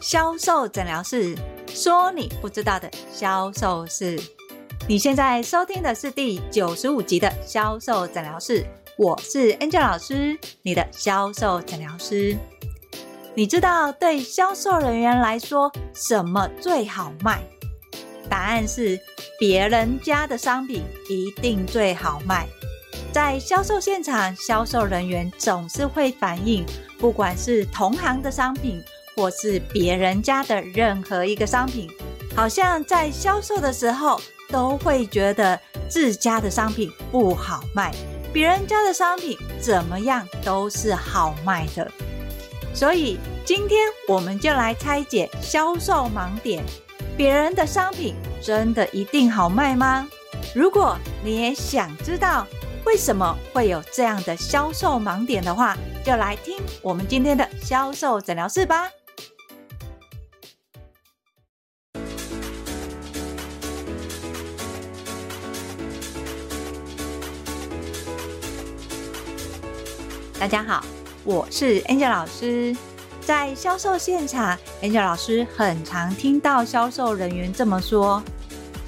銷售診療室，說你不知道的銷售室。你現在收聽的是第九十五集的銷售診療室，我是 Angel 老師，你的銷售診療師。你知道對銷售人員來說什麼最好賣？答案是別人家的商品一定最好賣。在銷售現場，銷售人員總是會反映，不管是同行的商品。或是別人家的任何一個商品，好像在銷售的時候都會覺得自家的商品不好賣，別人家的商品怎麼樣都是好賣的。所以今天我們就來拆解銷售盲點，別人的商品真的一定好賣嗎？如果你也想知道為什麼會有這樣的銷售盲點的話，就來聽我們今天的銷售診療室吧。大家好，我是 Angel 老師。在銷售現場，Angel 老師很常聽到銷售人員這麼說：“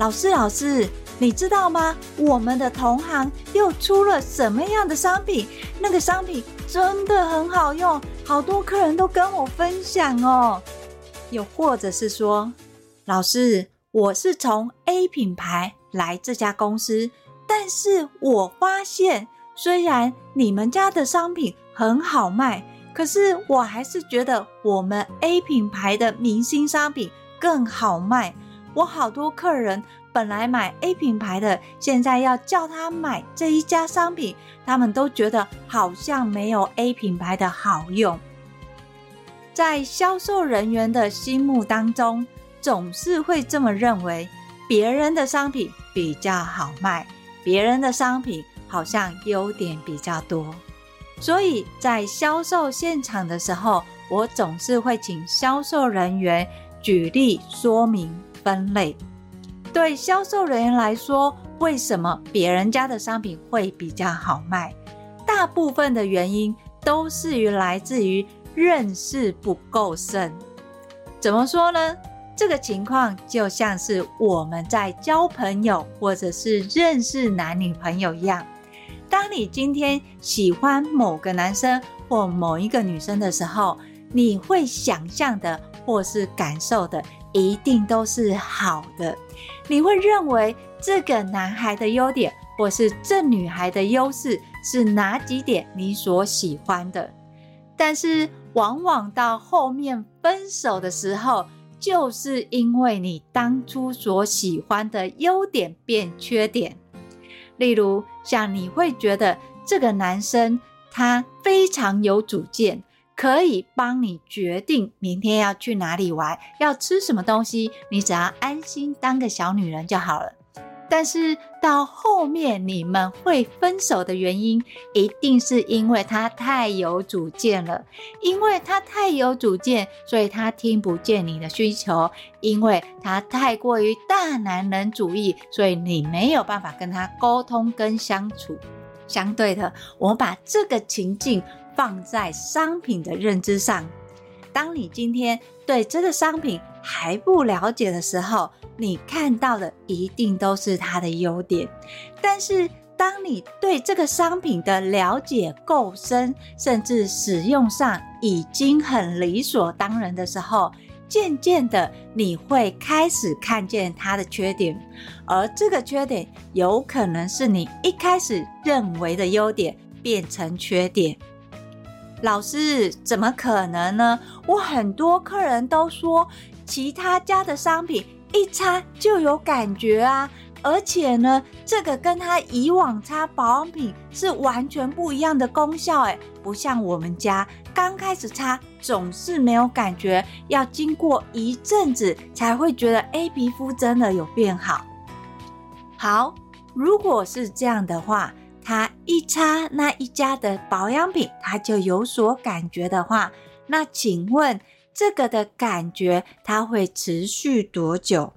老師，老師，你知道嗎？我們的同行又出了什麼樣的商品？那個商品真的很好用，好多客人都跟我分享哦。”又或者是說：“老師，我是從 A 品牌來這家公司，但是我發現……”雖然你們家的商品很好賣，可是我還是覺得我們 A 品牌的明星商品更好賣。我好多客人本來買 A 品牌的，現在要叫他買這一家商品，他們都覺得好像沒有 A 品牌的好用。在銷售人員的心目當中，總是會這麼認為，別人的商品比較好賣，別人的商品。好像優點比較多，所以在銷售現場的時候，我總是會請銷售人員舉例說明分類。對銷售人員來說，為什麼別人家的商品會比較好賣？大部分的原因都是於來自於認識不夠深。怎麼說呢？這個情況就像是我們在交朋友，或者是認識男女朋友一樣。當你今天喜歡某個男生或某一個女生的時候，你會想象的或是感受的一定都是好的。你會認為這個男孩的優點或是這女孩的優勢是哪幾點你所喜歡的。但是往往到後面分手的時候，就是因為你當初所喜歡的優點變缺點。例如，像你會覺得這個男生他非常有主見，可以幫你決定明天要去哪裡玩，要吃什麼東西，你只要安心當個小女人就好了。但是到後面你們會分手的原因，一定是因為他太有主見了。因為他太有主見，所以他聽不見你的需求。因為他太過於大男人主義，所以你沒有辦法跟他溝通跟相處。相對的，我把這個情境放在商品的認知上。當你今天對這個商品還不了解的時候，你看到的一定都是它的優點。但是，當你對這個商品的了解夠深，甚至使用上已經很理所當然的時候，漸漸的你會開始看見它的缺點。而這個缺點有可能是你一開始認為的優點變成缺點。老師，怎麼可能呢？我很多客人都說，其他家的商品一擦就有感覺啊，而且呢，這個跟他以往擦保養品是完全不一樣的功效、欸，哎，不像我們家剛開始擦總是沒有感覺，要經過一陣子才會覺得 A 皮膚真的有變好。好，如果是這樣的話。他一擦那一家的保養品，他就有所感覺的話，那請問這個的感覺他會持續多久？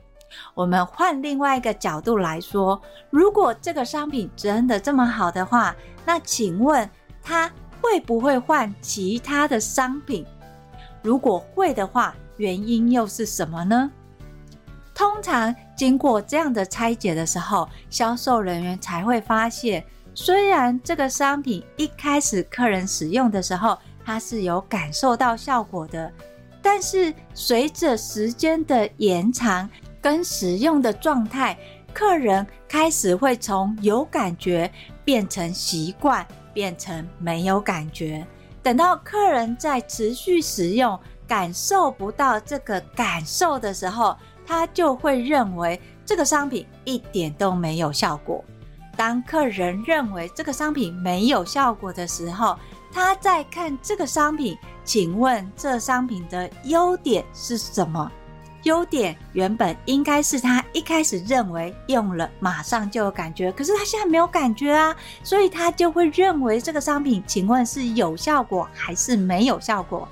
我們換另外一個角度來說，如果這個商品真的這麼好的話，那請問他會不會換其他的商品？如果會的話，原因又是什麼呢？通常經過這樣的拆解的時候，銷售人員才會發現。雖然這個商品，一開始客人使用的時候，他是有感受到效果的，但是隨着時間的延長跟使用的狀態，客人開始會從有感覺變成習慣，變成沒有感覺。等到客人在持續使用，感受不到這個感受的時候，他就會認為這個商品一點都沒有效果。當客人認為這個商品沒有效果的時候，他在看這個商品，請問這商品的優點是什麼？優點原本應該是他一開始認為用了馬上就有感覺，可是他現在沒有感覺啊，所以他就會認為這個商品，請問是有效果還是沒有效果？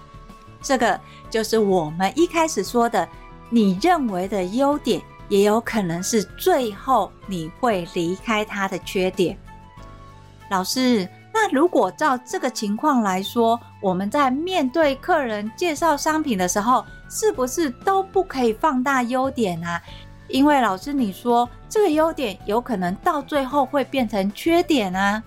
這個就是我們一開始說的，你認為的優點。也有可能是最後你會離開他的缺點。老師，那如果照這個情況來說，我們在面對客人介紹商品的時候，是不是都不可以放大優點啊？因為老師你說，這個優點有可能到最後會變成缺點啊。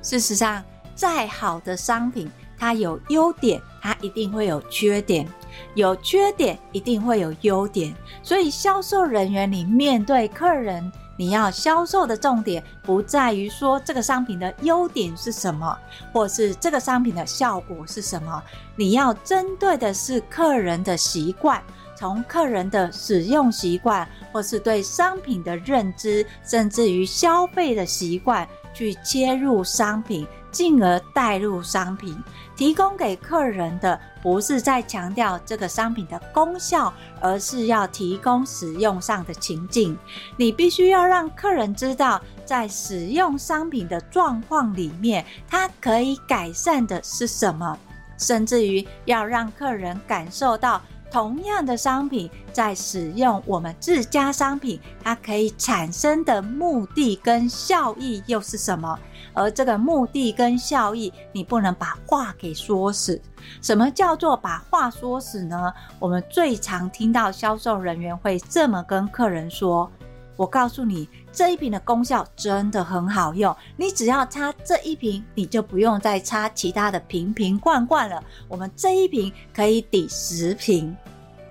事實上，再好的商品，它有優點，它一定會有缺點。有缺點，一定會有優點。所以，銷售人員你面對客人，你要銷售的重點不在於說這個商品的優點是什麼，或是這個商品的效果是什麼。你要針對的是客人的習慣，從客人的使用習慣，或是對商品的認知，甚至於消費的習慣，去切入商品，進而帶入商品。提供給客人的不是在強調這個商品的功效，而是要提供使用上的情景。你必須要讓客人知道，在使用商品的狀況裡面，它可以改善的是什麼，甚至於要讓客人感受到。同樣的商品，在使用我們自家商品，它可以產生的目的跟效益又是什麼？而這個目的跟效益，你不能把話給說死。什麼叫做把話說死呢？我們最常聽到銷售人員會這麼跟客人說。我告訴你，這一瓶的功效真的很好用。你只要擦這一瓶，你就不用再擦其他的瓶瓶罐罐了。我們這一瓶可以抵十瓶，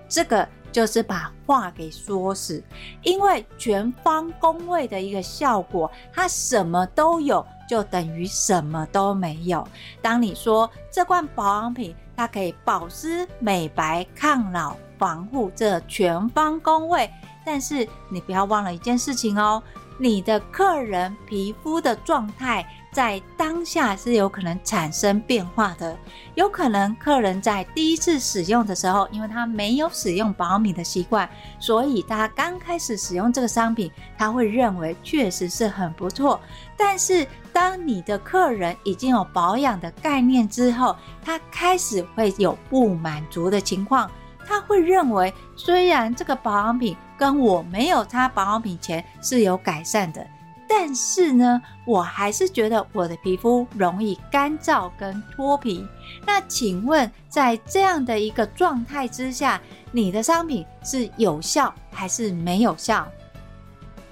這個就是把話給說死。因為全方位的一個效果，它什麼都有，就等於什麼都沒有。當你說這罐保養品它可以保濕、美白、抗老、防護，這個、全方位。但是你不要忘了一件事情哦，你的客人皮膚的狀態在當下是有可能產生變化的。有可能客人在第一次使用的時候，因為他沒有使用保養品的習慣，所以他剛開始使用這個商品，他會認為確實是很不錯。但是當你的客人已經有保養的概念之後，他開始會有不滿足的情況，他會認為雖然這個保養品，跟我沒有擦保養品前是有改善的，但是呢，我還是覺得我的皮膚容易乾燥跟脫皮。那請問，在這樣的一個狀態之下，你的商品是有效還是沒有效？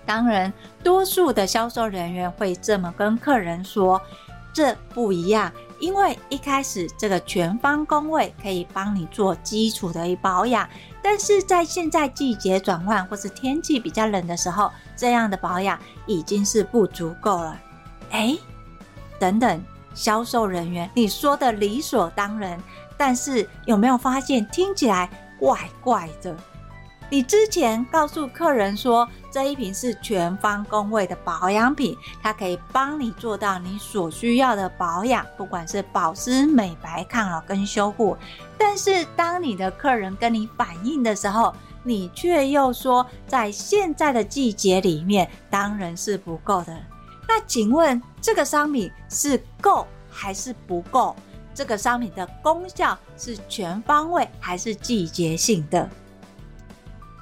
當然，多數的銷售人員會這麼跟客人說，這不一樣。因為一開始這個全方工位可以幫你做基礎的保養，但是在現在季節轉換或是天氣比較冷的時候，這樣的保養已經是不足夠了。哎，等等，銷售人員，你說的理所當然，但是有沒有發現聽起來怪怪的？你之前告訴客人說，這一瓶是全方位的保養品，它可以幫你做到你所需要的保養，不管是保濕、美白、抗老跟修護。但是當你的客人跟你反映的時候，你卻又說，在現在的季節裡面，當然是不夠的。那請問這個商品是夠還是不夠？這個商品的功效是全方位還是季節性的？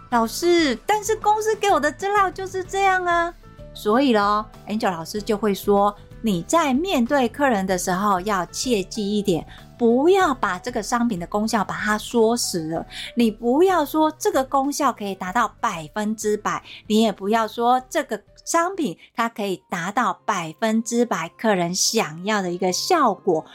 老師，但是公司給我的資料就是這樣啊，所以咯，Angel 老師就會說，你在面對客人的時候要切記一點，不要把這個商品的功效把它說死了，你不要說這個功效可以達到百分之百，你也不要說這個商品它可以達到百分之百客人想要的一個效果。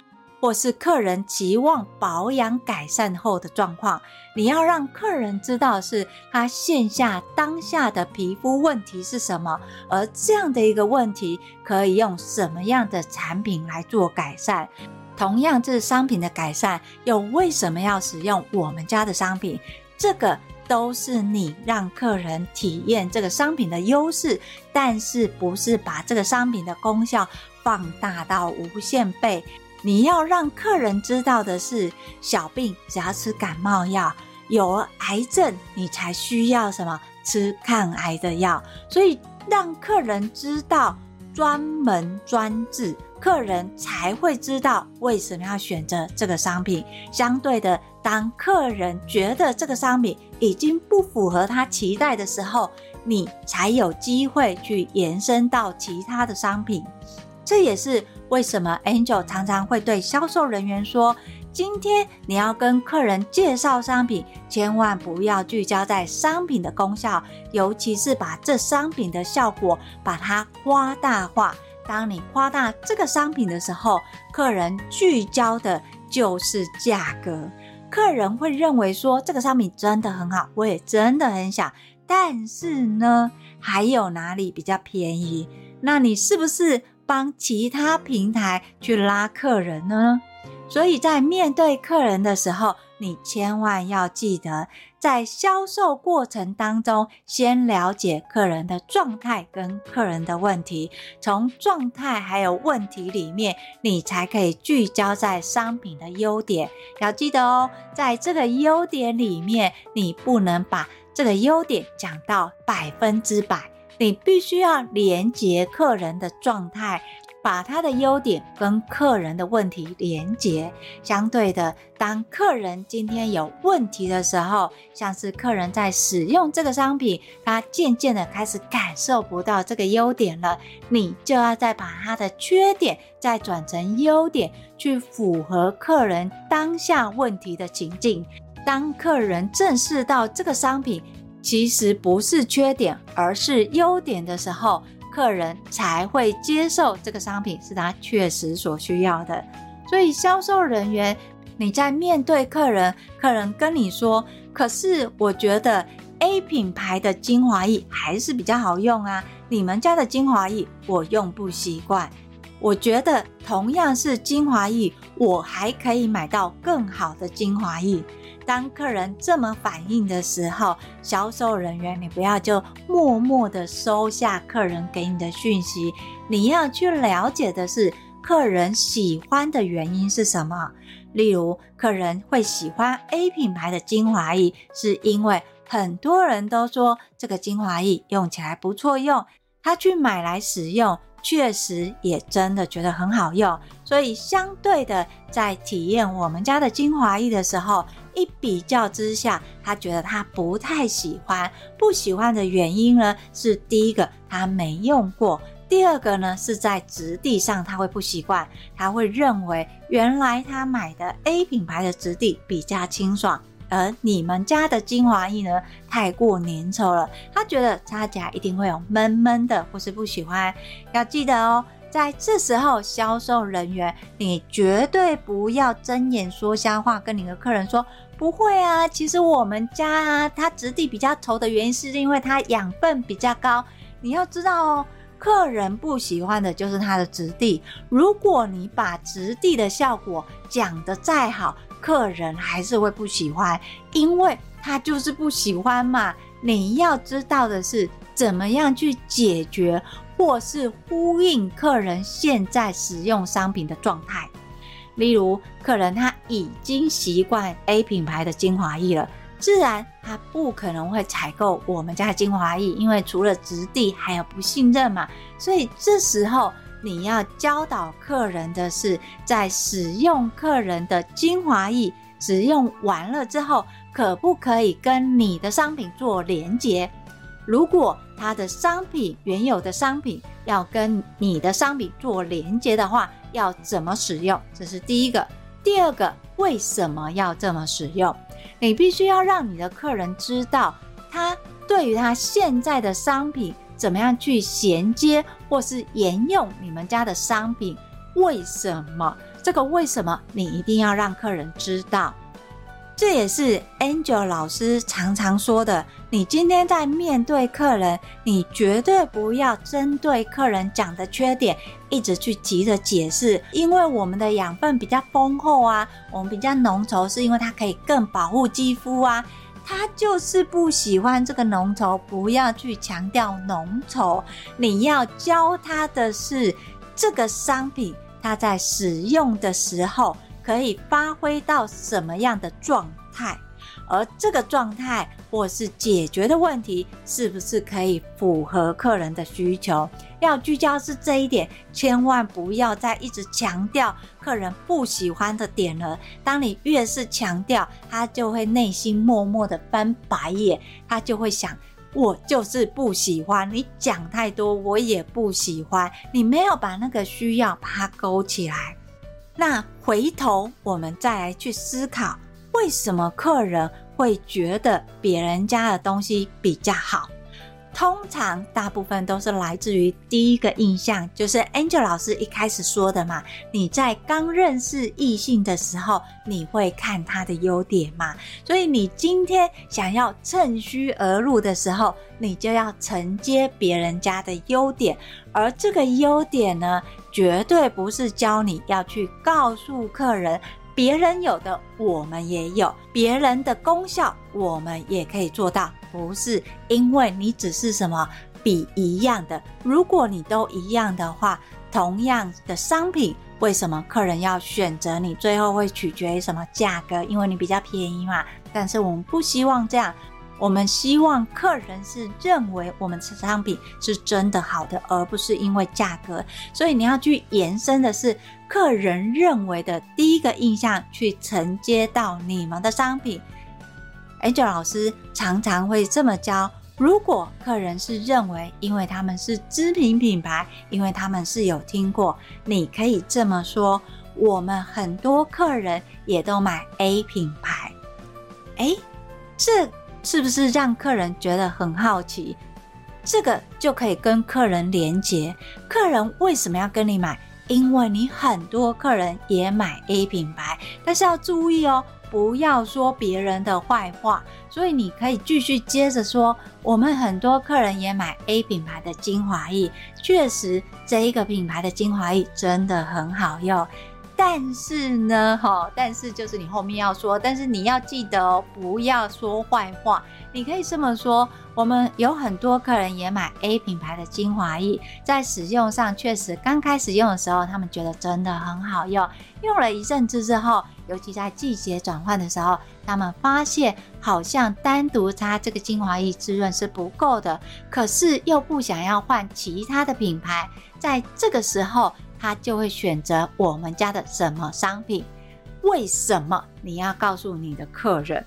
或是客人期望保養改善後的狀況，你要讓客人知道是他線下當下的皮膚問題是什麼，而這樣的一個問題可以用什麼樣的產品來做改善。同樣，這個、商品的改善又為什麼要使用我們家的商品？這個都是你讓客人體驗這個商品的優勢，但是不是把這個商品的功效放大到無限倍？你要讓客人知道的是，小病只要吃感冒藥，有了癌症你才需要什麼？吃抗癌的藥。所以讓客人知道專門專治，客人才會知道為什麼要選擇這個商品。相對的，當客人覺得這個商品已經不符合他期待的時候，你才有機會去延伸到其他的商品。這也是。為什麼 Angel 常常會對銷售人員說：“今天你要跟客人介紹商品，千萬不要聚焦在商品的功效，尤其是把這商品的效果把它誇大化。當你誇大這個商品的時候，客人聚焦的就是價格。客人會認為說這個商品真的很好，我也真的很想。但是呢，還有哪裡比較便宜？那你是不是？”幫其他平台去拉客人呢，所以在面對客人的時候，你千萬要記得，在銷售過程當中，先了解客人的狀態跟客人的問題，從狀態還有問題裡面，你才可以聚焦在商品的優點。要記得哦，在這個優點裡面，你不能把這個優點講到百分之百。你必須要連接客人的狀態，把他的優點跟客人的問題連接。相對的，當客人今天有問題的時候，像是客人在使用這個商品，他漸漸的開始感受不到這個優點了，你就要再把他的缺點再轉成優點，去符合客人當下問題的情境。當客人正視到這個商品，其實不是缺點，而是優點的時候，客人才會接受這個商品是他確實所需要的。所以銷售人員，你在面對客人，客人跟你說：“可是我覺得 A 品牌的精華液還是比較好用啊，你們家的精華液我用不習慣。我覺得同樣是精華液，我還可以買到更好的精華液。”當客人這麼反應的時候，銷售人員你不要就默默的收下客人給你的訊息，你要去了解的是客人喜歡的原因是什麼。例如，客人會喜歡 A 品牌的精華液，是因為很多人都說這個精華液用起來不錯用，他去買來使用。確實也真的覺得很好用，所以相對的，在體驗我們家的精華液的時候，一比較之下，他覺得他不太喜歡。不喜歡的原因呢，是第一個他沒用過，第二個呢是在質地上他會不習慣，他會認為原來他買的 A 品牌的質地比較清爽。而你們家的精華液呢，太過粘稠了，他覺得擦起來一定會有悶悶的，或是不喜歡。要記得哦，在這時候，銷售人員你絕對不要睜眼說瞎話，跟你的客人說不會啊。其實我們家啊，它質地比較稠的原因，是因為它養分比較高。你要知道哦，客人不喜歡的就是它的質地。如果你把質地的效果講得再好，客人還是會不喜歡，因為他就是不喜歡嘛。你要知道的是，怎麼樣去解決，或是呼應客人現在使用商品的狀態。例如，客人他已經習慣 A 品牌的精華液了，自然他不可能會採購我們家的精華液，因為除了質地，還有不信任嘛。所以這時候，你要教導客人的是，在使用客人的精華液使用完了之後，可不可以跟你的商品做連接？如果他的商品原有的商品要跟你的商品做連接的話，要怎麼使用？這是第一個。第二個，為什麼要這麼使用？你必須要讓你的客人知道，他對於他現在的商品，怎麼樣去銜接或是沿用你們家的商品？為什麼？這個為什麼你一定要讓客人知道？這也是 Angel 老師常常說的。你今天在面對客人，你絕對不要針對客人講的缺點，一直去急着解釋。因為我們的養分比較豐厚啊，我們比較濃稠，是因為它可以更保護肌膚啊。他就是不喜歡這個濃稠，不要去強調濃稠。你要教他的是，這個商品它在使用的時候可以發揮到什麼樣的狀態。而這個狀態或是解決的問題，是不是可以符合客人的需求？要聚焦是這一點，千萬不要再一直強調客人不喜歡的點了。當你越是強調，他就會內心默默的翻白眼，他就會想：我就是不喜歡你講太多，我也不喜歡你沒有把那個需要把它勾起來。那回頭我們再來去思考，為什麼客人？會覺得別人家的東西比較好，通常大部分都是來自於第一個印象，就是 Angel 老師一開始說的嘛。你在剛認識異性的時候，你會看他的優點嘛？所以你今天想要趁虛而入的時候，你就要承接別人家的優點，而這個優點呢，絕對不是教你要去告訴客人。別人有的我們也有，別人的功效我們也可以做到，不是因為你只是什麼比一樣的，如果你都一樣的話，同樣的商品，為什麼客人要選擇你？最後會取決於什麼？價格。因為你比較便宜嘛。但是我們不希望這樣，我們希望客人是認為我們的商品是真的好的，而不是因為價格。所以你要去延伸的是客人認為的第一個印象去承接到你們的商品，Angel 老師常常會這麼教：如果客人是認為，因為他們是知名品牌，因為他們是有聽過，你可以這麼說：我們很多客人也都買 A 品牌，欸，這是不是讓客人覺得很好奇？這個就可以跟客人連接，客人為什麼要跟你買？因為你很多客人也買 A 品牌，但是要注意哦，不要說別人的壞話。所以你可以繼續接着說，我們很多客人也買 A 品牌的精華液，確實這一個品牌的精華液真的很好用。但是呢，哈，但是就是你後面要說，但是你要記得哦，不要說壞話。你可以這麼說，我們有很多客人也買 A 品牌的精華液，在使用上確實，剛開始用的時候，他們覺得真的很好用。用了一陣子之後，尤其在季節轉換的時候，他們發現好像單獨擦這個精華液滋潤是不夠的。可是又不想要換其他的品牌，在這個時候。他就會選擇我們家的什麼商品。為什麼？你要告訴你的客人，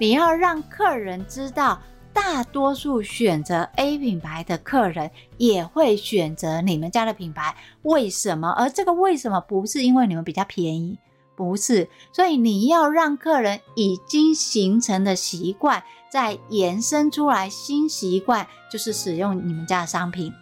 你要讓客人知道，大多數選擇 A 品牌的客人也會選擇你們家的品牌。為什麼？而這個為什麼不是因為你們比較便宜？不是。所以你要讓客人已經形成的習慣，再延伸出來新習慣，就是使用你們家的商品。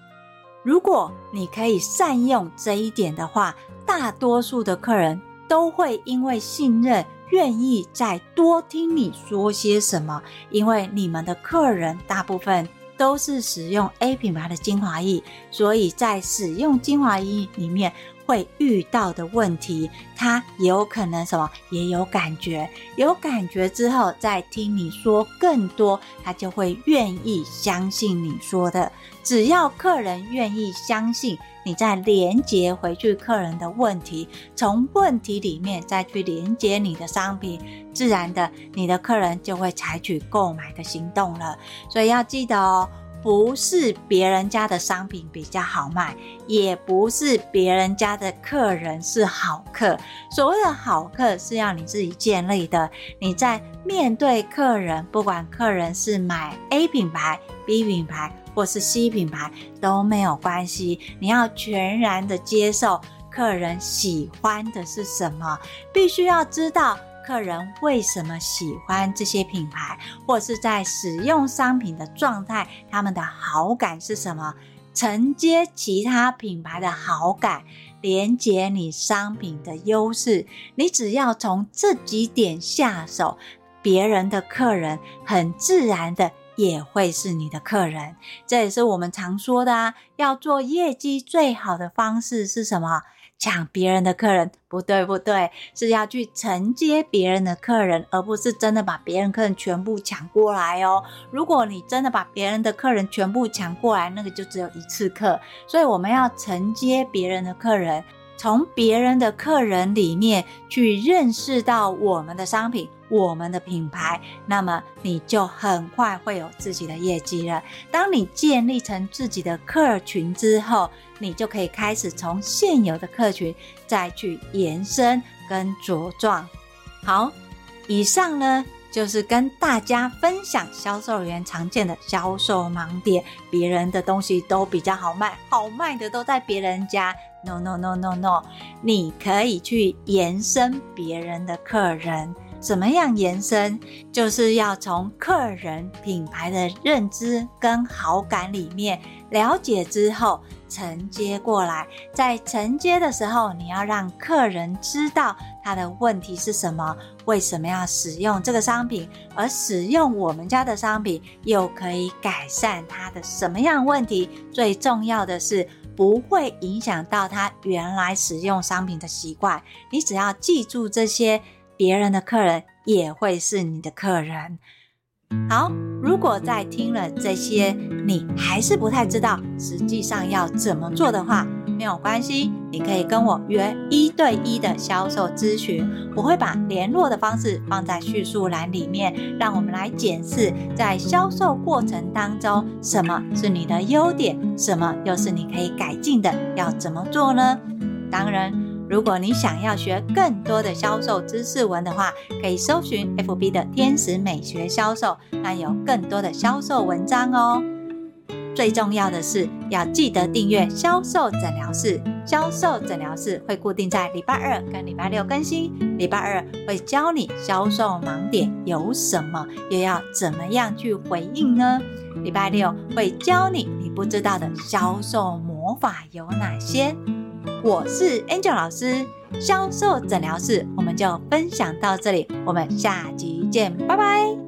如果你可以善用這一點的話，大多數的客人都會因為信任，願意再多聽你說些什麼。因為你們的客人大部分都是使用 A 品牌的精華液，所以在使用精華液裡面，會遇到的問題，他也有可能什麼也有感覺，有感覺之後再聽你說更多，他就會願意相信你說的。只要客人願意相信，你再連接回去客人的問題，從問題裡面再去連接你的商品，自然的，你的客人就會採取購買的行動了。所以要記得哦。不是別人家的商品比較好賣，也不是別人家的客人是好客。所謂的好客是要你自己建立的。你在面對客人，不管客人是買 A 品牌、B 品牌或是 C 品牌，都沒有關係，你要全然的接受客人喜歡的是什麼，必須要知道。客人為什麼喜歡這些品牌，或是在使用商品的狀態，他們的好感是什麼？承接其他品牌的好感，連接你商品的優勢，你只要從這幾點下手，別人的客人很自然的也會是你的客人。這也是我們常說的啊，要做業績最好的方式是什麼？搶別人的客人，不對，不對，是要去承接別人的客人，而不是真的把別人客人全部搶過來哦。如果你真的把別人的客人全部搶過來，那個就只有一次客。所以我們要承接別人的客人，從別人的客人裡面去認識到我們的商品，我們的品牌，那麼你就很快會有自己的業績了。當你建立成自己的客群之後，你就可以開始從現有的客群再去延伸跟茁壯。好，以上呢，就是跟大家分享銷售員常見的銷售盲點：別人的東西都比較好賣，好賣的都在別人家。No，No，No，No，No，no, no, no, no. 你可以去延伸別人的客人。怎麼樣延伸？就是要從客人品牌的認知跟好感裡面了解之後承接過來。在承接的時候，你要讓客人知道他的問題是什麼，為什麼要使用這個商品，而使用我們家的商品又可以改善他的什麼樣問題。最重要的是不會影響到他原來使用商品的習慣。你只要記住這些。別人的客人也會是你的客人。好，如果在聽了這些，你還是不太知道實際上要怎麼做的話，沒有關係，你可以跟我約一對一的銷售諮詢。我會把聯絡的方式放在敘述欄裡面，讓我們來檢視在銷售過程當中，什麼是你的優點，什麼又是你可以改進的，要怎麼做呢？當然，如果你想要學更多的銷售知識文的話，可以搜尋 FB 的天使美學銷售，那有更多的銷售文章哦。最重要的是要記得訂閱銷售診療室，銷售診療室會固定在禮拜二跟禮拜六更新。禮拜二會教你銷售盲點有什麼，又要怎麼樣去回應呢？禮拜六會教你你不知道的銷售魔法有哪些。我是 Angel 老師，銷售診療室，我們就分享到這裡，我們下集見，拜拜。